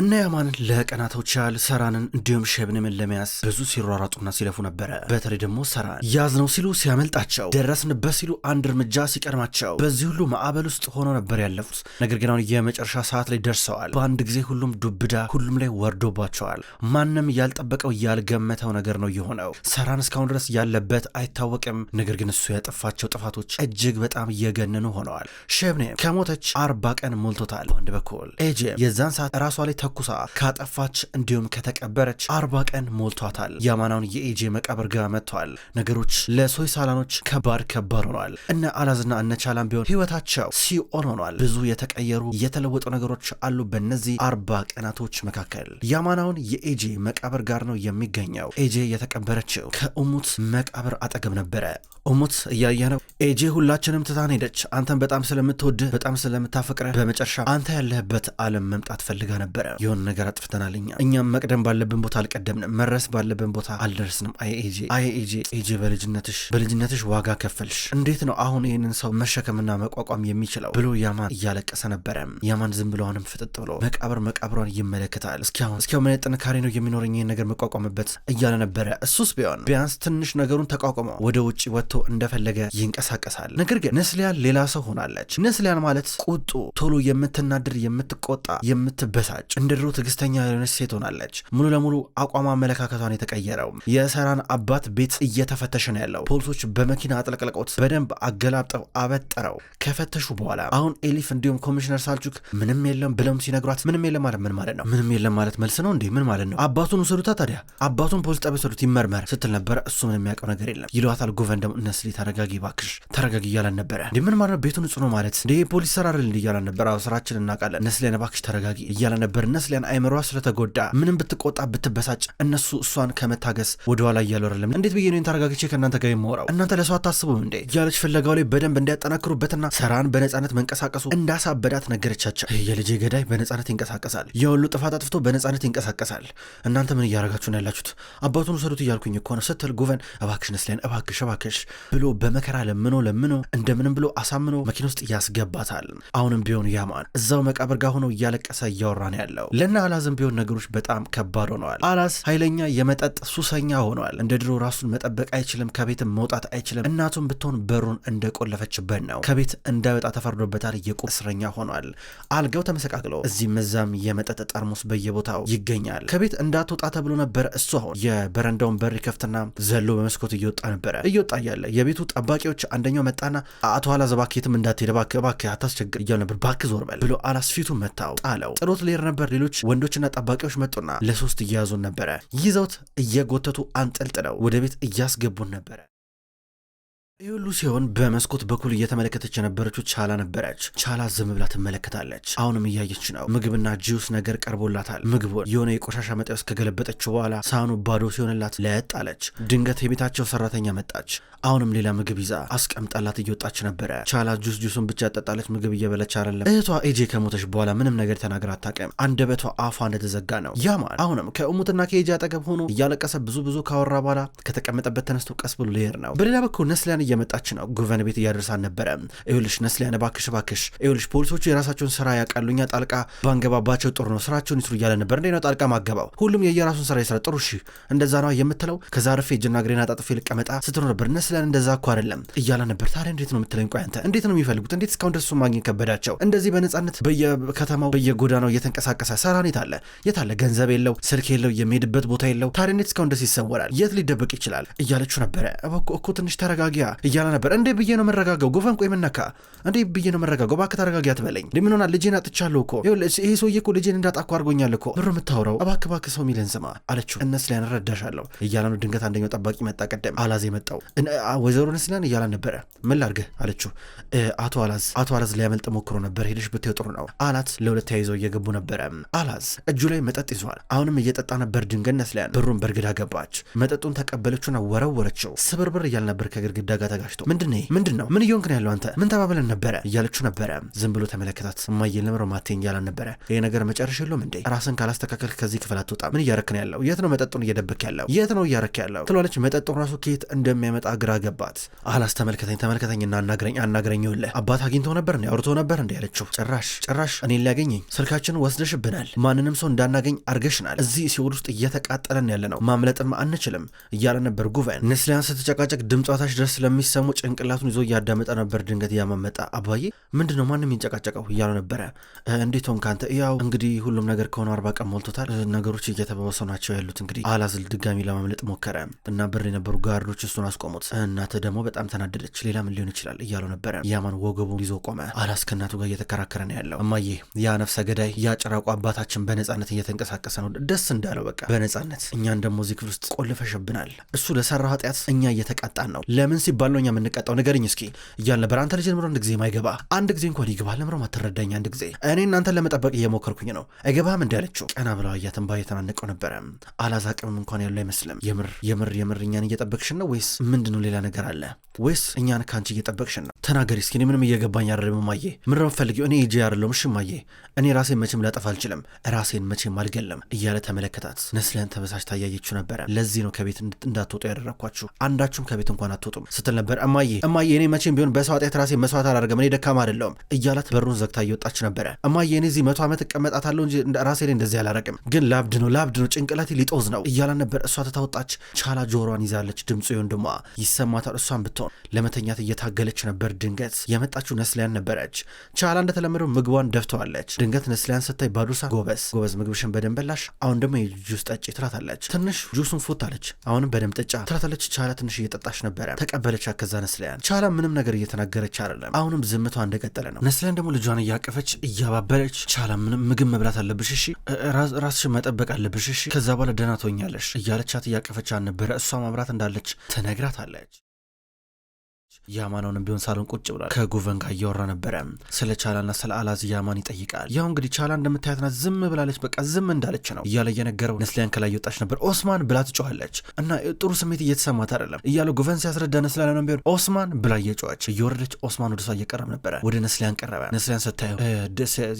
እና ያማንን ለቀናቶች ያህል ሰራንን እንዲሁም ሸብንምን ለመያዝ ብዙ ሲሯራጡና ሲለፉ ነበረ። በተለይ ደግሞ ሰራን ያዝ ነው ሲሉ ሲያመልጣቸው፣ ደረስንበት ሲሉ አንድ እርምጃ ሲቀድማቸው፣ በዚህ ሁሉ ማዕበል ውስጥ ሆኖ ነበር ያለፉት። ነገር ግን አሁን የመጨረሻ ሰዓት ላይ ደርሰዋል። በአንድ ጊዜ ሁሉም ዱብዳ ሁሉም ላይ ወርዶባቸዋል። ማንም ያልጠበቀው ያልገመተው ነገር ነው የሆነው። ሰራን እስካሁን ድረስ ያለበት አይታወቅም። ነገር ግን እሱ ያጠፋቸው ጥፋቶች እጅግ በጣም እየገነኑ ሆነዋል። ሸብኔም ከሞተች አርባ ቀን ሞልቶታል። በአንድ በኩል ኤጄም የዛን ሰዓት ራሷ ላይ ተኩሳ ካጠፋች እንዲሁም ከተቀበረች አርባ ቀን ሞልቷታል። ያማናውን የኤጄ መቃብር ጋር መጥቷል። ነገሮች ለሶይ ሳላኖች ከባድ ከባድ ሆኗል። እነ አላዝና እነ ቻላም ቢሆን ህይወታቸው ሲኦል ሆኗል። ብዙ የተቀየሩ የተለወጡ ነገሮች አሉ። በእነዚህ አርባ ቀናቶች መካከል ያማናውን የኤጄ መቃብር ጋር ነው የሚገኘው። ኤጄ የተቀበረችው ከእሙት መቃብር አጠገብ ነበረ። እሙት እያየ ነው። ኤጄ ሁላችንም ትታን ሄደች። አንተን በጣም ስለምትወድህ በጣም ስለምታፈቅረ በመጨረሻ አንተ ያለህበት ዓለም መምጣት ፈልጋ ነበረ የሆነ ነገር አጥፍተናል። እኛ እኛም መቅደም ባለብን ቦታ አልቀደምንም፣ መድረስ ባለብን ቦታ አልደርስንም። አይ ኤጄ አይ ኤጄ ኤጄ በልጅነትሽ በልጅነትሽ ዋጋ ከፈልሽ። እንዴት ነው አሁን ይህንን ሰው መሸከምና መቋቋም የሚችለው ብሎ ያማን እያለቀሰ ነበረ። ያማን ዝም ብለዋንም ፍጥጥ ብሎ መቃብር መቃብሯን ይመለከታል። እስኪሁን እስኪሁን ምን ጥንካሬ ነው የሚኖረኝ ይህን ነገር መቋቋምበት እያለ ነበረ። እሱስ ቢሆን ቢያንስ ትንሽ ነገሩን ተቋቁሞ ወደ ውጭ ወጥቶ እንደፈለገ ይንቀሳቀሳል። ነገር ግን ነስሊያን ሌላ ሰው ሆናለች። ነስሊያን ማለት ቁጡ፣ ቶሎ የምትናድር፣ የምትቆጣ፣ የምትበሳጭ እንደ ድሮ ትዕግስተኛ የሆነች ሴት ሆናለች። ሙሉ ለሙሉ አቋም አመለካከቷን የተቀየረው። የሰራን አባት ቤት እየተፈተሸ ነው ያለው። ፖሊሶች በመኪና አጥለቅልቆት በደንብ አገላብጠው አበጠረው። ከፈተሹ በኋላ አሁን ኤሊፍ እንዲሁም ኮሚሽነር ሳልቹክ ምንም የለም ብለውም ሲነግሯት ምንም የለም ማለት ምን ማለት ነው? ምንም የለም ማለት መልስ ነው እንዴ? ምን ማለት ነው? አባቱን ውሰዱታ ታዲያ አባቱን ፖሊስ ጣቢያ ውሰዱት ይመርመር ስትል ነበረ። እሱ ምንም የሚያውቀው ነገር የለም ይሏታል። ጎቨን ደግሞ ነስሊ ተረጋጊ ባክሽ ተረጋጊ እያላን ነበረ። እንዴ ምን ማለት ነው? ቤቱን ጽኑ ማለት እንዴ ፖሊስ ሰራ አይደል እያላን ነበረ። ስራችን እናውቃለን ነስሊ ነባክሽ ተረጋጊ እያላን ነበር። ነስሊያን አይምሯ ስለተጎዳ ምንም ብትቆጣ ብትበሳጭ እነሱ እሷን ከመታገስ ወደኋላ እያሉ አይደለም። እንዴት ብዬ ነው ታረጋግቼ ከእናንተ ጋር የማወራው? እናንተ ለሰው አታስቡም እንዴ? እያለች ፍለጋው ላይ በደንብ እንዲያጠናክሩበትና ሰራን በነጻነት መንቀሳቀሱ እንዳሳበዳት ነገረቻቸው። የልጄ ገዳይ በነጻነት ይንቀሳቀሳል፣ የሁሉ ጥፋት አጥፍቶ በነጻነት ይንቀሳቀሳል። እናንተ ምን እያረጋችሁ ነው ያላችሁት? አባቱን ውሰዱት እያልኩኝ እኮ ነው ስትል ጉቨን እባክሽ ነስሊያን እባክሽ እባክሽ ብሎ በመከራ ለምኖ ለምኖ እንደምንም ብሎ አሳምኖ መኪና ውስጥ ያስገባታል። አሁንም ቢሆን ያማን እዛው መቃብር ጋር ሆኖ እያለቀሰ እያወራ ነው ያለ አለው። ለና አላዝም ቢሆን ነገሮች በጣም ከባድ ሆነዋል። አላዝ ኃይለኛ የመጠጥ ሱሰኛ ሆኗል። እንደ ድሮ ራሱን መጠበቅ አይችልም። ከቤትም መውጣት አይችልም። እናቱም ብትሆን በሩን እንደቆለፈችበት ነው። ከቤት እንዳይወጣ ተፈርዶበታል። የቁም እስረኛ ሆኗል። አልጋው ተመሰቃቅሎ እዚህም እዛም የመጠጥ ጠርሙስ በየቦታው ይገኛል። ከቤት እንዳትወጣ ተብሎ ነበር። እሱ አሁን የበረንዳውን በር ይከፍትና ዘሎ በመስኮት እየወጣ ነበረ። እየወጣ እያለ የቤቱ ጠባቂዎች አንደኛው መጣና አቶ አላዝ እባክህ የትም እንዳትሄድ እባክህ እባክህ አታስቸግር እያሉ ነበር። እባክህ ዞር በል ብሎ አላዝ ፊቱ መታው፣ ጣለው። ጥሎት ሌር ነበር ነበር። ሌሎች ወንዶችና ጠባቂዎች መጡና ለሶስት እየያዙን ነበረ። ይዘውት እየጎተቱ አንጠልጥለው ወደ ቤት እያስገቡን ነበረ። ይህ ሲሆን በመስኮት በኩል እየተመለከተች የነበረችው ቻላ ነበረች። ቻላ ዝም ብላ ትመለከታለች። አሁንም እያየች ነው። ምግብና ጂውስ ነገር ቀርቦላታል። ምግቡን የሆነ የቆሻሻ መጣ ውስጥ ከገለበጠችው በኋላ ሳህኑ ባዶ ሲሆንላት ለጥ አለች። ድንገት የቤታቸው ሰራተኛ መጣች። አሁንም ሌላ ምግብ ይዛ አስቀምጣላት እየወጣች ነበረ። ቻላ ጁስ ጁሱን ብቻ ያጠጣለች፣ ምግብ እየበለች አይደለም። እህቷ ኤጄ ከሞተች በኋላ ምንም ነገር ተናግራ አታውቅም። አንደበቷ አፏ እንደተዘጋ ነው። ያማን አሁንም ከእሙትና ከኤጄ አጠገብ ሆኖ እያለቀሰ ብዙ ብዙ ካወራ በኋላ ከተቀመጠበት ተነስቶ ቀስ ብሎ ሊሄድ ነው። በሌላ በኩል ነስሊያን እየመጣች ነው። ጉቨን ቤት እያደርሳን ነበረ። ይኸውልሽ ነስሊያን እባክሽ እባክሽ፣ ይኸውልሽ ፖሊሶቹ የራሳቸውን ስራ ያውቃሉ። እኛ ጣልቃ ባንገባባቸው ጥሩ ነው። ስራቸውን ይስሩ እያለ ነበር። እንዴ ነው ጣልቃ ማገባው? ሁሉም የየራሱን ስራ ይስራ። ጥሩ እሺ፣ እንደዛ ነው የምትለው? ከዛ ርፌ እጅና እግሬን አጣጥፌ ልቀመጣ ስትኖ ነበር። ነስሊያን እንደዛ እኮ አይደለም እያለ ነበር። ታዲያ እንዴት ነው የምትለኝ? ቆይ አንተ እንዴት ነው የሚፈልጉት? እንዴት እስካሁን ደሱ ማግኘት ከበዳቸው? እንደዚህ በነጻነት በየከተማው በየጎዳናው እየተንቀሳቀሰ ሰራን የታለ የታለ? ገንዘብ የለው ስልክ የለው የሚሄድበት ቦታ የለው። ታዲያ እንዴት እስካሁን ደስ ይሰወራል? የት ሊደበቅ ይችላል? እያለችው ነበረ። እኮ ትንሽ ተረጋጊያ እያለ ነበር። እንዴ ብዬ ነው መረጋገው ጎፈን ቆይ ምነካ እንዴ ብዬ ነው መረጋገው እባክህ ተረጋጊ አትበለኝ። እንዴ ምን ሆና ልጄን አጥቻለሁ እኮ ይሄ ሰውዬ እኮ ልጄን እንዳጣ እኮ አድርጎኛል እኮ ብር የምታውረው እባክህ እባክህ ሰው ሚልን ስማ አለችው። እነስ ስሊያን እረዳሻለሁ እያለ ነው። ድንገት አንደኛው ጠባቂ መጣ። ቀደም አላዝ የመጣው ወይዘሮ እነ ስሊያን እያለ ነበረ። ምን ላድርግህ አለችው። አቶ አላዝ አቶ አላዝ ሊያመልጥ ሞክሮ ነበር። ሄደሽ ብትይው ጥሩ ነው አላት። ለሁለት ተያይዘው እየገቡ ነበረ። አላዝ እጁ ላይ መጠጥ ይዟል። አሁንም እየጠጣ ነበር። ድንገት እነስ ስሊያን ብሩን በርግዳ ገባች። መጠጡን ተቀበለችውና ወረወረችው። ስብርብር እያለ ነበር ከግድግዳ ጋር ጋር ተጋጭቶ ምንድን ነው ምንድን ነው ምን እየሆንክ ነው ያለው አንተ ምን ተባብለን ነበረ እያለችው ነበረ። ዝም ብሎ ተመለከታት። እማዬን ለምረው ማቴ እያላን ነበረ። ይህ ነገር መጨረሻ የለውም እንዴ? ራስን ካላስተካከል ከዚህ ክፍል አትወጣ። ምን እያረክ ነው ያለው? የት ነው መጠጡን እየደበክ ያለው? የት ነው እያረክ ያለው ትሏለች። መጠጡን ራሱ ከየት እንደሚያመጣ ግራ ገባት። አላስ ተመልከተኝ፣ ተመልከተኝና አናግረኝ፣ አናግረኝ ይኸውልህ አባት አግኝቶ ነበር እንዴ? አውርቶ ነበር እንዴ ያለችው። ጭራሽ ጭራሽ እኔን ሊያገኘኝ ስልካችን ወስደሽብናል። ማንንም ሰው እንዳናገኝ አርገሽናል። እዚህ ሲኦል ውስጥ እየተቃጠለን ያለ ነው። ማምለጥም አንችልም እያለ ነበር ጉቨን። ነስሊያን ስትጨቃጨቅ ድምጧታሽ ድረስ ስለም የሚሰሙ ጭንቅላቱን ይዞ እያዳመጠ ነበር። ድንገት እያመመጣ አባዬ ምንድን ነው ማንም ይንጨቃጨቀው እያለ ነበረ። እንዴት ሆንክ አንተ? ያው እንግዲህ ሁሉም ነገር ከሆነ አርባ ቀን ሞልቶታል። ነገሮች እየተባባሰው ናቸው ያሉት። እንግዲህ አላዝል ድጋሚ ለማምለጥ ሞከረ እና ብር የነበሩ ጋርዶች እሱን አስቆሙት። እናተ ደግሞ በጣም ተናደደች። ሌላ ምን ሊሆን ይችላል እያለው ነበረ። ያማን ወገቡ ይዞ ቆመ። አላስ ከእናቱ ጋር እየተከራከረ ነው ያለው። እማዬ ያ ነፍሰ ገዳይ ያ ጭራቁ አባታችን በነጻነት እየተንቀሳቀሰ ነው። ደስ እንዳለው በቃ በነጻነት እኛን ደግሞ እዚህ ክፍል ውስጥ ቆልፈሽብናል። እሱ ለሰራ ኃጢአት እኛ እየተቃጣን ነው። ለምን ሲባል ሲባል ነው እኛ የምንቀጣው? ንገርኝ እስኪ እያል ነበር። አንተ ልጅ ለምሮ አንድ ጊዜ ማይገባ አንድ ጊዜ እንኳን ይግባል ለምሮ አትረዳኝ። አንድ ጊዜ እኔ እናንተን ለመጠበቅ እየሞከርኩኝ ነው። አይገባም እንዲ ያለችው ቀና ብለው አያትን ባ እየተናነቀው ነበረ። አላዛቅም እንኳን ያለው አይመስልም። የምር የምር የምር እኛን እየጠበቅሽን ነው ወይስ ምንድነው? ሌላ ነገር አለ ወይስ እኛን ከአንቺ እየጠበቅሽን ነው? ተናገሪ እስኪ። እኔ ምንም እየገባኝ አይደለም እማዬ። ምን ነው የምትፈልጊው? እኔ ሂጄ አይደለሁም። እሺ እማዬ፣ እኔ ራሴን መቼም ላጠፋ አልችልም። ራሴን መቼም አልገለም እያለ ተመለከታት። ነስሊሀን ተበሳጭታ እያየችው ነበረ። ለዚህ ነው ከቤት እንዳትወጡ ያደረግኳችሁ፣ አንዳችሁም ከቤት እንኳን አትወጡም ስትል ነበር። እማዬ እማዬ፣ እኔ መቼም ቢሆን በሰው ኃጢአት ራሴን መስዋዕት አላደርገም፣ እኔ ደካማ አይደለሁም እያላት በሩን ዘግታ እየወጣች ነበረ። እማዬ፣ እኔ እዚህ መቶ ዓመት እቀመጣታለሁ እንጂ ራሴ ላይ እንደዚህ አላረቅም። ግን ላብድ ነው ላብድ ነው ጭንቅላቴ ሊጦዝ ነው እያላ ነበር። እሷ ተታወጣች። ቻላ ጆሮዋን ይዛለች። ድምፁ የወንድሟ ይሰማታል። እሷን ብትሆን ስትሆን ለመተኛት እየታገለች ነበር። ድንገት የመጣችው ነስሊያን ነበረች። ቻላ እንደተለመደው ምግቧን ደፍተዋለች። ድንገት ነስሊያን ስታይ ባዱሳ ጎበዝ ጎበዝ፣ ምግብሽን በደንብ በላሽ፣ አሁን ደግሞ የጁስ ጠጪ ትላታለች። ትንሽ ጁሱን ፎታለች አሁንም በደንብ ጠጫ ትላታለች። ቻላ ትንሽ እየጠጣች ነበረ። ተቀበለች። ከዛ ነስሊያን ቻላ ምንም ነገር እየተናገረች አይደለም። አሁንም ዝምቷ እንደቀጠለ ነው። ነስሊያን ደግሞ ልጇን እያቀፈች እያባበለች፣ ቻላ ምንም ምግብ መብላት አለብሽ እሺ፣ ራስሽን መጠበቅ አለብሽ እሺ፣ ከዛ በኋላ ደህና ትሆኛለሽ እያለቻት እያቀፈች አልነበረ እሷ ማብራት እንዳለች ትነግራታለች። ያማናውንም ቢሆን ሳሎን ቁጭ ብሏል። ከጉቨን ጋር እያወራ ነበረ። ስለ ቻላና ስለ አላዝ ያማን ይጠይቃል። ያው እንግዲህ ቻላ እንደምታያትና ዝም ብላለች፣ በቃ ዝም እንዳለች ነው እያለ እየነገረው ነስሊያን ከላይ የወጣች ነበር። ኦስማን ብላ ትጮኋለች እና ጥሩ ስሜት እየተሰማት አይደለም እያለ ጉቨን ሲያስረዳ ነስሊያን ነው ቢሆን ኦስማን ብላ እየጮኸች እየወረደች፣ ኦስማን ወደ እሷ እየቀረብ ነበረ። ወደ ነስሊያን ቀረበ። ነስሊያን ስታየው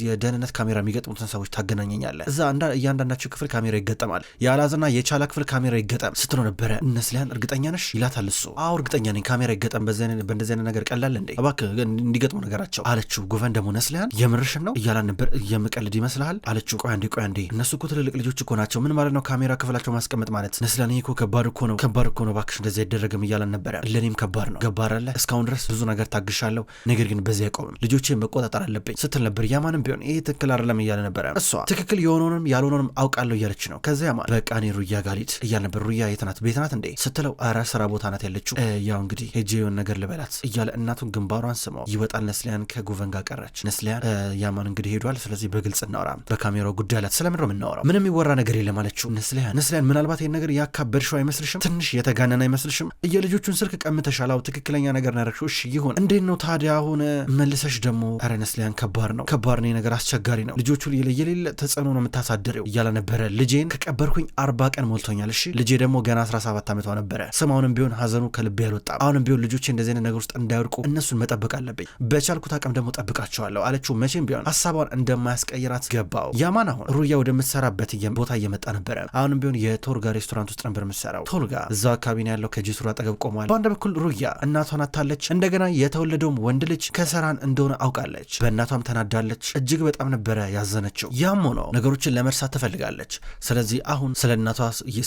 የደህንነት ካሜራ የሚገጥሙትን ሰዎች ታገናኘኛለ፣ እዛ እያንዳንዳቸው ክፍል ካሜራ ይገጠማል፣ የአላዝና የቻላ ክፍል ካሜራ ይገጠም ስትለው ነበረ። ነስሊያን እርግጠኛ ነሽ ይላታል። እሱ አዎ እርግጠኛ ነኝ ካሜራ ይገጠም በዚ በእንደዚህ አይነት ነገር ቀላል እንዴ? እባክህ እንዲገጥሙ ነገራቸው አለችው። ጉቨን ደግሞ ነስሊያን የምርሽን ነው እያላን ነበር የምቀልድ ይመስልሃል አለችው። ቆይ አንዴ ቆይ አንዴ እነሱ እኮ ትልልቅ ልጆች እኮ ናቸው። ምን ማለት ነው ካሜራ ክፍላቸው ማስቀመጥ ማለት? ነስሊያን ይሄ እኮ ከባድ እኮ ነው ከባድ እኮ ነው፣ እባክሽ እንደዚህ አይደረግም እያላን ነበር። ለእኔም ከባድ ነው ገባራለ። እስካሁን ድረስ ብዙ ነገር ታግሻለሁ፣ ነገር ግን በዚህ አይቆምም፣ ልጆቼ መቆጣጠር አለብኝ ስትል ነበር። ያማንም ቢሆን ይሄ ትክክል አይደለም እያለ ነበረ። እሷ ትክክል የሆነውንም ያልሆነውንም አውቃለሁ እያለች ነው። ከዚያ ያማን በቃ እኔ ሩያ ጋሊት እያል ነበር። ሩያ የት ናት ቤት ናት እንዴ ስትለው፣ ኧረ ስራ ቦታ ናት ያለችው። ያው እንግዲህ ሄጄ የሆነ ነገር ልበላት እያለ እናቱን ግንባሯን ስመው ይወጣል። ነስሊያን ከጉቨን ጋር ቀረች። ነስሊያን ያማን እንግዲህ ሄዷል። ስለዚህ በግልጽ እናወራ በካሜራው ጉዳይ አላት። ስለምን ነው የምናወራው? ምንም የሚወራ ነገር የለም አለችው ነስሊያን። ነስሊያን ምናልባት ይህን ነገር ያካበድሽው አይመስልሽም? ትንሽ የተጋነን አይመስልሽም? የልጆቹን ስልክ ቀምተሻላው ትክክለኛ ነገር ናረግሽው። እሺ ይሁን። እንዴት ነው ታዲያ አሁን መልሰሽ ደግሞ ኧረ ነስሊያን ከባድ ነው፣ ከባድ ነው ነገር አስቸጋሪ ነው። ልጆቹ የሌለ ተጽዕኖ ነው የምታሳድረው እያለ ነበረ። ልጄን ከቀበርኩኝ አርባ ቀን ሞልቶኛል። እሺ ልጄ ደግሞ ገና 17 ዓመቷ ነበረ። ስም አሁንም ቢሆን ሀዘኑ ከልቤ አልወጣም። አሁንም ቢሆን ልጆች እንደዚህ አይነት ነገር ውስጥ እንዳይወድቁ እነሱን መጠበቅ አለብኝ። በቻልኩት አቅም ደግሞ ጠብቃቸዋለሁ አለችው። መቼም ቢሆን ሀሳቧን እንደማያስቀይራት ገባው። ያማን አሁን ሩያ ወደምትሰራበት ቦታ እየመጣ ነበረ። አሁንም ቢሆን የቶልጋ ሬስቶራንት ውስጥ ነበር የምትሰራው። ቶልጋ እዛው አካባቢ ነው ያለው። ከጂሱር አጠገብ ቆሟል። በአንድ በኩል ሩያ እናቷን አታለች። እንደገና የተወለደውም ወንድ ልጅ ከሰራን እንደሆነ አውቃለች። በእናቷም ተናዳለች። እጅግ በጣም ነበረ ያዘነችው። ያም ሆኖ ነገሮችን ለመርሳት ትፈልጋለች። ስለዚህ አሁን ስለ እናቷ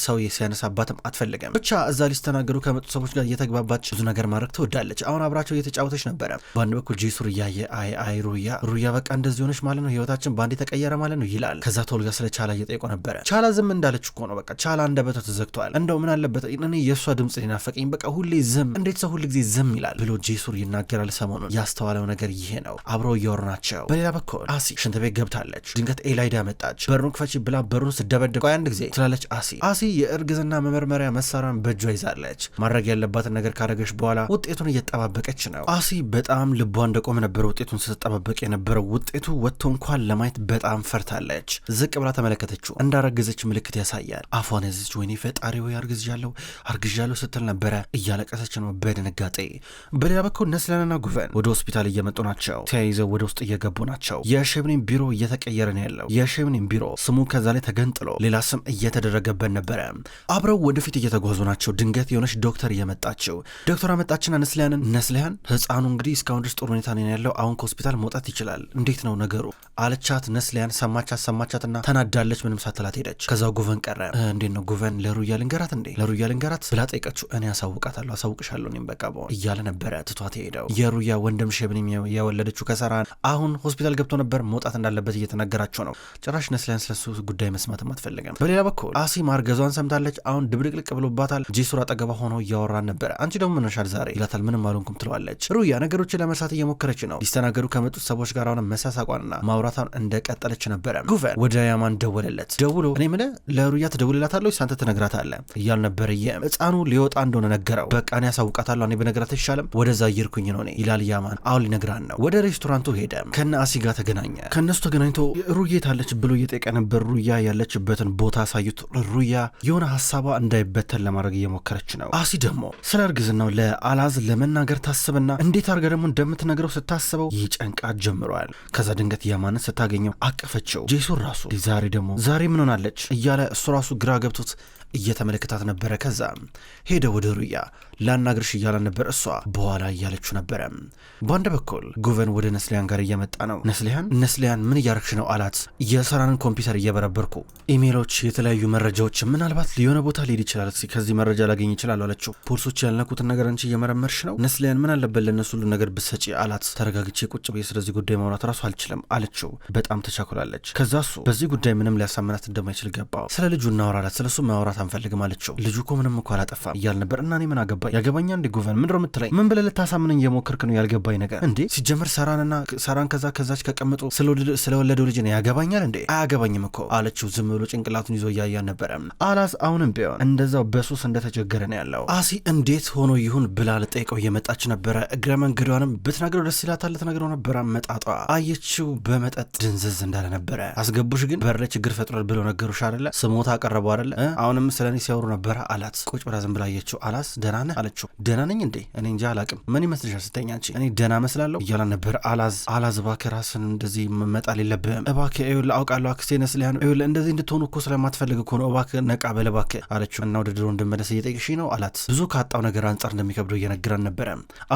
ሰው ሲያነሳባትም አትፈልገም። ብቻ እዛ ሊስተናገዱ ከመጡ ሰዎች ጋር እየተግባባች ብዙ ነገር ማድረግ ትወዳለች። አሁን አብራቸው እየተጫወተች ነበረ። በአንድ በኩል ጂሱር እያየ አይ አይ ሩያ ሩያ በቃ እንደዚህ ሆነች ማለት ነው ህይወታችን በአንድ የተቀየረ ማለት ነው ይላል። ከዛ ቶልጋ ስለ ቻላ እየጠየቆ ነበረ። ቻላ ዝም እንዳለች እኮ ነው በቃ ቻላ አንደበቷ ተዘግቷል። እንደው ምን አለበት እኔ የእሷ ድምፅ ሊናፈቀኝ በቃ ሁሌ ዝም እንዴት ሰው ሁል ጊዜ ዝም ይላል ብሎ ጄሱር ይናገራል። ሰሞኑን ያስተዋለው ነገር ይሄ ነው። አብረው እያወሩ ናቸው። በሌላ በኩል አሲ ሽንት ቤት ገብታለች። ድንገት ኤላይዳ መጣች። በሩን ክፈች ብላ በሩን ስደበድብ አንድ ጊዜ ትላለች። አሲ አሲ የእርግዝና መመርመሪያ መሳሪያን በእጇ ይዛለች። ማድረግ ያለባትን ነገር ካደረገች በኋላ ውጤ ውጤቱን እየጠባበቀች ነው። አሲ በጣም ልቧ እንደቆመ ነበረ ውጤቱን ስትጠባበቅ የነበረው። ውጤቱ ወጥቶ እንኳን ለማየት በጣም ፈርታለች። ዝቅ ብላ ተመለከተችው። እንዳረገዘች ምልክት ያሳያል። አፏን ያዘች። ወይኔ ፈጣሪ ወይ አርግዣለሁ፣ አርግዣለሁ ስትል ነበረ። እያለቀሰች ነው በድንጋጤ። በሌላ በኩል ነስለንና ጉቨን ወደ ሆስፒታል እየመጡ ናቸው። ተያይዘው ወደ ውስጥ እየገቡ ናቸው። የሸብኔን ቢሮ እየተቀየረ ነው ያለው። የሸብኔን ቢሮ ስሙ ከዛ ላይ ተገንጥሎ ሌላ ስም እየተደረገበት ነበረ። አብረው ወደፊት እየተጓዙ ናቸው። ድንገት የሆነች ዶክተር እየመጣችው ዶክተር መጣችና ነስሊያንን ነስሊያን ህፃኑ እንግዲህ እስካሁን ድረስ ጥሩ ሁኔታ ነው ያለው፣ አሁን ከሆስፒታል መውጣት ይችላል። እንዴት ነው ነገሩ አለቻት ነስሊያን። ሰማቻት ሰማቻትና ተናዳለች። ምንም ሳትላት ሄደች። ከዛው ጉቨን ቀረ። እንዴት ነው ጉቨን ለሩያ ልንገራት እንዴ ለሩያ ልንገራት ብላ ጠይቀችው። እኔ አሳውቃታለሁ አሳውቅሻለሁ እኔም በቃ በሆን እያለ ነበረ ትቷት ሄደው። የሩያ ወንድም ሼብን የወለደችው ከሰራን አሁን ሆስፒታል ገብቶ ነበር። መውጣት እንዳለበት እየተነገራቸው ነው። ጭራሽ ነስሊያን ስለሱ ጉዳይ መስማትም አትፈልግም። በሌላ በኩል አሲ ማርገዟን ሰምታለች። አሁን ድብልቅልቅ ብሎባታል። ጄሱር አጠገባ ሆነው እያወራን ነበረ። አንቺ ደግሞ ምንሻል ዛሬ ይላታል። ምንም አልሆንኩም ትለዋለች። ሩያ ነገሮችን ለመርሳት እየሞከረች ነው። ሊስተናገዱ ከመጡት ሰዎች ጋር አሁንም መሳሳቋንና ማውራቷን እንደቀጠለች ነበረ። ጉቨን ወደ ያማን ደወለለት። ደውሎ እኔ ምን ለሩያ ትደውልላታለች ሳንተ ትነግራታለህ እያል ነበር። ህፃኑ ሊወጣ እንደሆነ ነገረው። በቃ እኔ ያሳውቃታለሁ እኔ በነገራት ይሻለም ወደዛ እየሄድኩኝ ነው እኔ ይላል ያማን። አሁን ሊነግራን ነው። ወደ ሬስቶራንቱ ሄደ። ከነ አሲ ጋር ተገናኘ። ከእነሱ ተገናኝቶ ሩያ የታለች ብሎ እየጠየቀ ነበር። ሩያ ያለችበትን ቦታ አሳዩት። ሩያ የሆነ ሀሳቧ እንዳይበተን ለማድረግ እየሞከረች ነው። አሲ ደግሞ ስለ እርግዝናው ለአላዝ ትዕዛዝን ለመናገር ታስብና እንዴት አርገ ደግሞ እንደምትነግረው ስታስበው ይጨንቃት ጀምረዋል። ከዛ ድንገት ያማንን ስታገኘው አቀፈችው። ጄሱን ራሱ ዛሬ ደግሞ ዛሬ ምንሆናለች እያለ እሱ ራሱ ግራ ገብቶት እየተመለከታት ነበረ። ከዛ ሄደ ወደ ሩያ ላናግርሽ እያላ ነበር፣ እሷ በኋላ እያለችው ነበረ። በአንድ በኩል ጉቨን ወደ ነስሊያን ጋር እየመጣ ነው። ነስሊያን ነስሊያን ምን እያረግሽ ነው አላት። የሰራንን ኮምፒውተር እየበረበርኩ ኢሜሎች፣ የተለያዩ መረጃዎች ምናልባት የሆነ ቦታ ሊሄድ ይችላል፣ ከዚህ መረጃ ላገኝ ይችላል አለችው። ፖሊሶች ያልነኩትን ነገር አንቺ እየመረመርሽ ነው ነስሊያን፣ ምን አለበት ለእነሱ ሁሉ ነገር ብሰጪ አላት። ተረጋግቼ ቁጭ ብዬ ስለዚህ ጉዳይ ማውራት ራሱ አልችልም አለችው። በጣም ተቻኩላለች። ከዛ እሱ በዚህ ጉዳይ ምንም ሊያሳምናት እንደማይችል ገባው። ስለ ልጁ እናወራላት፣ ስለ እሱ ማውራት አንፈልግም አለችው። ልጁ እኮ ምንም እኮ አላጠፋም እያል ነበር እና እኔ ምን አገባኝ ያገባኛ እንዴ ጉቨን ምንድሮ የምትለኝ ምን ብለህ ልታሳምነኝ እየሞከርክ ነው ያልገባኝ ነገር እንዴ ሲጀምር ሰራንና ሰራን ከዛ ከዛች ከቀምጦ ስለወለደው ልጅ ነው ያገባኛል እንዴ አያገባኝም እኮ አለችው። ዝም ብሎ ጭንቅላቱን ይዞ እያያን ነበረ። አላስ አሁንም ቢሆን እንደዛው በሱስ እንደተቸገረ ነው ያለው። አሲ እንዴት ሆኖ ይሁን ብላ ልጠይቀው እየመጣች ነበረ። እግረ መንገዷንም ብትነግረው ደስ ይላታል። ልትነግረው ነበረ መጣጧ አየችው በመጠጥ ድንዝዝ እንዳለ ነበረ። አስገቡሽ ግን በር ላይ ችግር ፈጥሯል ብለው ነገሩሽ አደለ ስሞታ አቀረበው አደለ አሁንም አሁንም ስለ እኔ ሲያወሩ ነበረ አላት። ቁጭ ብላ ዝም ብላ አየችው። አላስ ደህና ነህ አለችው። ደህና ነኝ እንዴ? እኔ እንጃ አላቅም። ምን ይመስልሻል ስተኛ አንቺ እኔ ደህና መስላለሁ እያላ ነበር። አላዝ አላዝ እባክህ ራስን እንደዚህ መጣል የለብህም እባክህ። ይኸውልህ አውቃለሁ አክስቴ ነስሊሀን ይኸውልህ እንደዚህ እንድትሆኑ እኮ ስለማትፈልግ እኮ ነው። እባክህ ነቃ በል እባክህ አለችው። እና ወደ ድሮ እንድመለስ እየጠየቅሽ ነው አላት። ብዙ ካጣው ነገር አንጻር እንደሚከብደው እየነገረን ነበረ።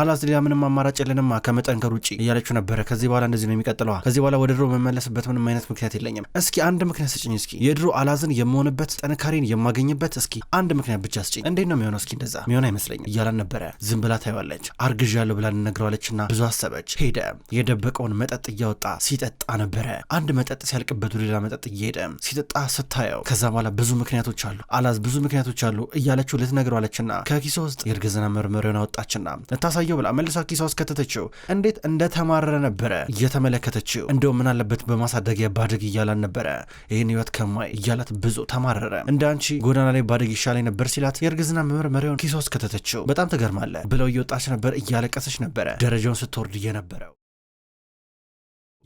አላዝ ሌላ ምንም አማራጭ የለንማ ከመጠንከር ውጭ እያለችው ነበረ። ከዚህ በኋላ እንደዚህ ነው የሚቀጥለዋ። ከዚህ በኋላ ወደ ድሮ መመለስበት ምንም አይነት ምክንያት የለኝም። እስኪ አንድ ምክንያት ስጭኝ እስኪ የድሮ አላዝን የመሆንበት ጥንካሬን የማገኝ እንዳገኝበት እስኪ አንድ ምክንያት ብቻ ስጭኝ፣ እንዴት ነው የሚሆነው? እስኪ እንደዛ የሚሆን አይመስለኝም እያላን ነበረ። ዝም ብላ ታየዋለች። አርግዣለሁ ብላ ልነግረዋለችና ብዙ አሰበች። ሄደ። የደበቀውን መጠጥ እያወጣ ሲጠጣ ነበረ። አንድ መጠጥ ሲያልቅበት ሌላ መጠጥ እየሄደ ሲጠጣ ስታየው፣ ከዛ በኋላ ብዙ ምክንያቶች አሉ አላዝ፣ ብዙ ምክንያቶች አሉ እያለችው ልትነግረዋለችና ከኪሶ ውስጥ የእርግዝና መርመሪያውን አወጣችና ልታሳየው ብላ መልሳ ኪሶ ውስጥ ከተተችው። እንዴት እንደተማረረ ነበረ እየተመለከተችው። እንደው ምን አለበት በማሳደግ ያባድግ እያላን ነበረ። ይህን ህይወት ከማይ እያላት ብዙ ተማረረ። እንደ አንቺ ጎ ጎዳና ላይ ባደግ ይሻለኝ ነበር ሲላት የእርግዝና መመርመሪያውን ኪሶ ውስጥ ከተተችው በጣም ትገርማለ ብለው እየወጣች ነበር። እያለቀሰች ነበረ ደረጃውን ስትወርድ እየነበረው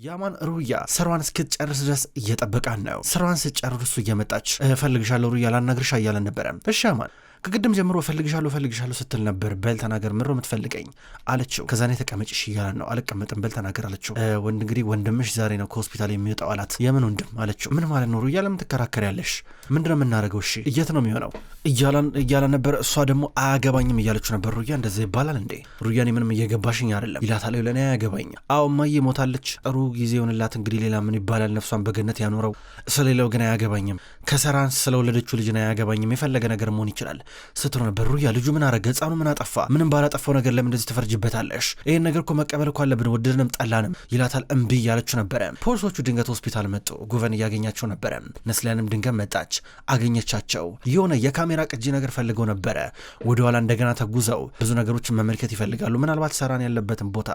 ያማን ሩያ ስራዋን እስክትጨርስ ድረስ እየጠበቃን ነው። ስራዋን እሱ እየመጣች እፈልግሻለሁ ሩያ ላናግርሻ እያለን ነበረ። እሺ ያማን ከቅድም ጀምሮ እፈልግሻለሁ እፈልግሻለሁ ስትል ነበር። በል ተናገር፣ ምሮ የምትፈልገኝ አለችው። ከዛ የተቀመጭ ተቀመጭሽ እያለ ነው። አልቀመጥም፣ በል ተናገር አለችው። ወንድ እንግዲህ ወንድምሽ ዛሬ ነው ከሆስፒታል የሚወጣው አላት። የምን ወንድም አለችው። ምን ማለት ኖሩ እያለ ምትከራከር ያለሽ ምንድን ነው የምናደርገው? እሺ እየት ነው የሚሆነው እያለ ነበር። እሷ ደግሞ አያገባኝም እያለችው ነበር። ሩያ እንደዛ ይባላል እንዴ? ሩያ ምንም እየገባሽኝ አይደለም ይላታል። ለእኔ አያገባኝ። አዎ እማዬ ሞታለች፣ ጥሩ ጊዜ ሆንላት። እንግዲህ ሌላ ምን ይባላል? ነፍሷን በገነት ያኖረው። ስለሌለው ግን አያገባኝም። ከሰራን ስለወለደችው ልጅን አያገባኝም። የፈለገ ነገር መሆን ይችላል ስትሮ ነበር። ሩያ ልጁ ምን አረገ? ህፃኑ ምን አጠፋ? ምንም ባላጠፋው ነገር ለምን እንደዚህ ተፈርጅበታለሽ? ይህን ነገር እኮ መቀበል እኮ አለብን ወደድንም ጠላንም ይላታል። እምቢ እያለችው ነበረ። ፖሊሶቹ ድንገት ሆስፒታል መጡ። ጉቨን እያገኛቸው ነበረ። ነስሊያንም ድንገት መጣች፣ አገኘቻቸው። የሆነ የካሜራ ቅጂ ነገር ፈልገው ነበረ። ወደኋላ እንደገና ተጉዘው ብዙ ነገሮችን መመልከት ይፈልጋሉ። ምናልባት ሰራን ያለበትን ቦታ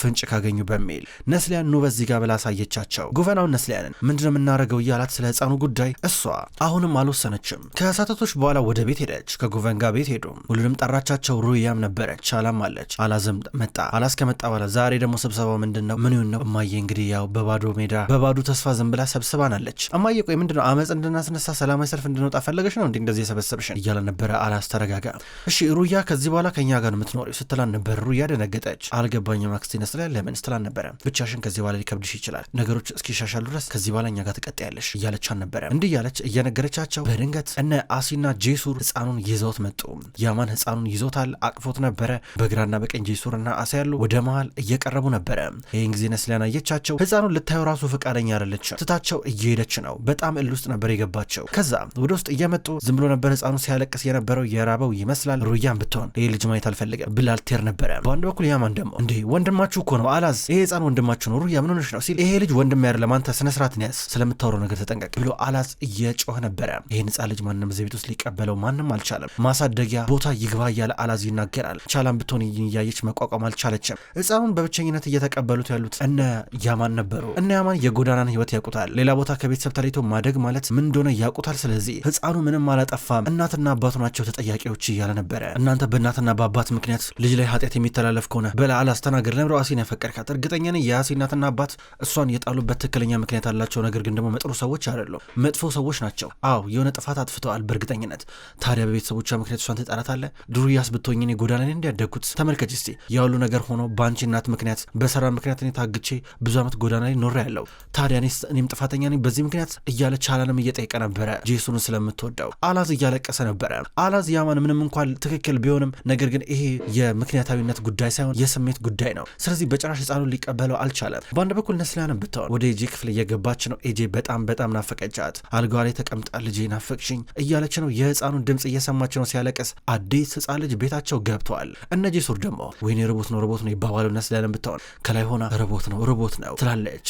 ፍንጭ ካገኙ በሚል ነስሊያን ኑ በዚህ ጋር ብላ አሳየቻቸው። ጉቨናውን ነስሊያንን ምንድነው የምናደርገው እያላት ስለ ህፃኑ ጉዳይ እሷ አሁንም አልወሰነችም። ከሳተቶች በኋላ ወደ ቤት ሄደች። እስከ ጉቨንጋ ቤት ሄዱ። ሁሉንም ጠራቻቸው። ሩያም ነበረች፣ አላም አለች። አላዘም መጣ። አላስ ከመጣ በኋላ ዛሬ ደግሞ ስብሰባው ምንድን ነው? ምን ይሁን ነው? እማዬ እንግዲህ ያው በባዶ ሜዳ በባዶ ተስፋ ዝም ብላ ሰብስባናለች። እማዬ ቆይ ምንድን ነው አመፅ እንድናስነሳ ሰላማዊ ሰልፍ እንድንወጣ ፈለገች ነው እንዲ እንደዚህ የሰበሰብሽን እያለ ነበረ። አላስ ተረጋጋ፣ እሺ ሩያ ከዚህ በኋላ ከእኛ ጋር የምትኖሪው ስትላን ነበር። ሩያ ደነገጠች። አልገባኝም አክስቴ ነስላ ለምን ስትላን ነበረ። ብቻሽን ከዚህ በኋላ ሊከብድሽ ይችላል፣ ነገሮች እስኪሻሻሉ ድረስ ከዚህ በኋላ እኛ ጋር ትቀጥያለሽ እያለቻን ነበረ። እንዲህ እያለች እየነገረቻቸው በድንገት እነ አሲና ጄሱር ህፃኑን ይዘውት መጡ። ያማን ህፃኑን ይዞታል፣ አቅፎት ነበረ። በግራና በቀኝ ጄሱርና አሳ ያሉ ወደ መሃል እየቀረቡ ነበረ። ይህን ጊዜ ነስሊያን አየቻቸው። ህፃኑን ልታዩ ራሱ ፈቃደኛ አይደለችም። ትታቸው እየሄደች ነው። በጣም እል ውስጥ ነበር የገባቸው። ከዛ ወደ ውስጥ እየመጡ ዝም ብሎ ነበር ህፃኑ ሲያለቅስ የነበረው የራበው ይመስላል። ሩያን ብትሆን ይህ ልጅ ማየት አልፈልገም ብላልቴር ነበረ። በአንድ በኩል ያማን ደግሞ እንዴ ወንድማችሁ እኮ ነው አላዝ፣ ይሄ ህፃን ወንድማችሁ ነው፣ ሩያ ምን ሆነሽ ነው ሲል ይሄ ልጅ ወንድም ያደለም አንተ ስነስርዓት ያዝ፣ ስለምታወራው ነገር ተጠንቀቅ ብሎ አላዝ እየጮህ ነበረ። ይህን ህፃን ልጅ ማንም እዚህ ቤት ውስጥ ሊቀበለው ማንም አልቻለም። አልቻለም። ማሳደጊያ ቦታ ይግባ እያለ አላዝ ይናገራል። ቻላን ብትሆን እያየች መቋቋም አልቻለችም። ህፃኑን በብቸኝነት እየተቀበሉት ያሉት እነ ያማን ነበሩ። እነ ያማን የጎዳናን ህይወት ያውቁታል። ሌላ ቦታ ከቤተሰብ ተለይቶ ማደግ ማለት ምን እንደሆነ ያውቁታል። ስለዚህ ህፃኑ ምንም አላጠፋም፣ እናትና አባቱ ናቸው ተጠያቂዎች እያለ ነበረ። እናንተ በእናትና በአባት ምክንያት ልጅ ላይ ኃጢአት የሚተላለፍ ከሆነ በላ አላስተናገር ነብረው አሲን ያፈቀድካት እርግጠኛ ነኝ እናትና አባት እሷን የጣሉበት ትክክለኛ ምክንያት አላቸው። ነገር ግን ደግሞ መጥሩ ሰዎች አይደሉም፣ መጥፎ ሰዎች ናቸው። አዎ የሆነ ጥፋት አጥፍተዋል በእርግጠኝነት ታዲያ በቤት ቤተሰቦቿ ምክንያት እሷን ትጠላታለህ? ዱርያስ ብትሆኝ እኔ ጎዳና ላይ እንዲያደግኩት ተመልከች እስቲ። ያሉ ነገር ሆኖ በአንቺ እናት ምክንያት በሰራ ምክንያት እኔ ታግቼ ብዙ ዓመት ጎዳና ላይ ኖሬ ያለው ታዲያ እኔም ጥፋተኛ ነኝ በዚህ ምክንያት እያለ ቻላንም እየጠየቀ ነበረ ጄሱን ስለምትወደው። አላዝ እያለቀሰ ነበረ። አላዝ ያማን ምንም እንኳን ትክክል ቢሆንም ነገር ግን ይሄ የምክንያታዊነት ጉዳይ ሳይሆን የስሜት ጉዳይ ነው። ስለዚህ በጭራሽ ህፃኑን ሊቀበለው አልቻለም። በአንድ በኩል ነስሊሀንም ብትሆን ወደ ኤጄ ክፍል እየገባች ነው። ኤጄ በጣም በጣም ናፈቀቻት። አልጋዋ ላይ ተቀምጣ ልጄ ናፈቅሽኝ እያለች ነው። የህፃኑን ድምፅ እየሰማ እየሰማች ነው ሲያለቀስ፣ አዲስ ህፃን ልጅ ቤታቸው ገብተዋል። እነጂ ሱር ደግሞ ወይኔ ርቦት ነው ርቦት ነው ይባባሉና ስላለን ብትሆን ከላይ ሆና ርቦት ነው ርቦት ነው ትላለች።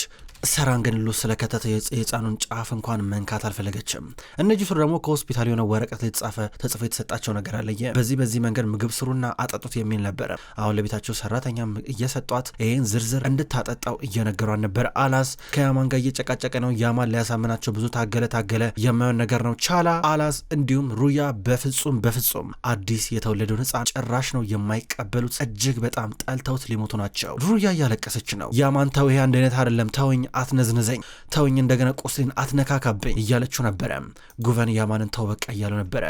ሰራን ግን ሉ ስለከተተ የህፃኑን ጫፍ እንኳን መንካት አልፈለገችም። እነ ጅሱር ደግሞ ከሆስፒታል የሆነ ወረቀት ላይ የተጻፈ ተጽፎ የተሰጣቸው ነገር አለየ። በዚህ በዚህ መንገድ ምግብ ስሩና አጠጡት የሚል ነበረ። አሁን ለቤታቸው ሰራተኛ እየሰጧት ይህን ዝርዝር እንድታጠጣው እየነገሯን ነበር። አላስ ከያማን ጋር እየጨቃጨቀ ነው። ያማን ሊያሳምናቸው ብዙ ታገለ ታገለ፣ የማየውን ነገር ነው ቻላ። አላስ እንዲሁም ሩያ በፍጹም በፍጹም አዲስ የተወለደውን ህፃን ጭራሽ ነው የማይቀበሉት። እጅግ በጣም ጠልተውት ሊሞቱ ናቸው። ሩያ እያለቀሰች ነው። ያማን ተው፣ ይሄ አንድ አይነት አይደለም ተወኝ አትነዝንዘኝ፣ ተውኝ፣ እንደገና ቁስሌን አትነካካብኝ እያለችው ነበረ። ጉቨን ያማንን ተው በቃ እያለው ነበረ።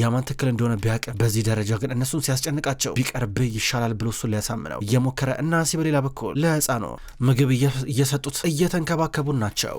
ያማን ትክክል እንደሆነ ቢያቅ፣ በዚህ ደረጃ ግን እነሱን ሲያስጨንቃቸው ቢቀርብህ ይሻላል ብሎ እሱን ሊያሳምነው እየሞከረ እና ሲ በሌላ በኩል ለሕፃኑ ምግብ እየሰጡት እየተንከባከቡን ናቸው።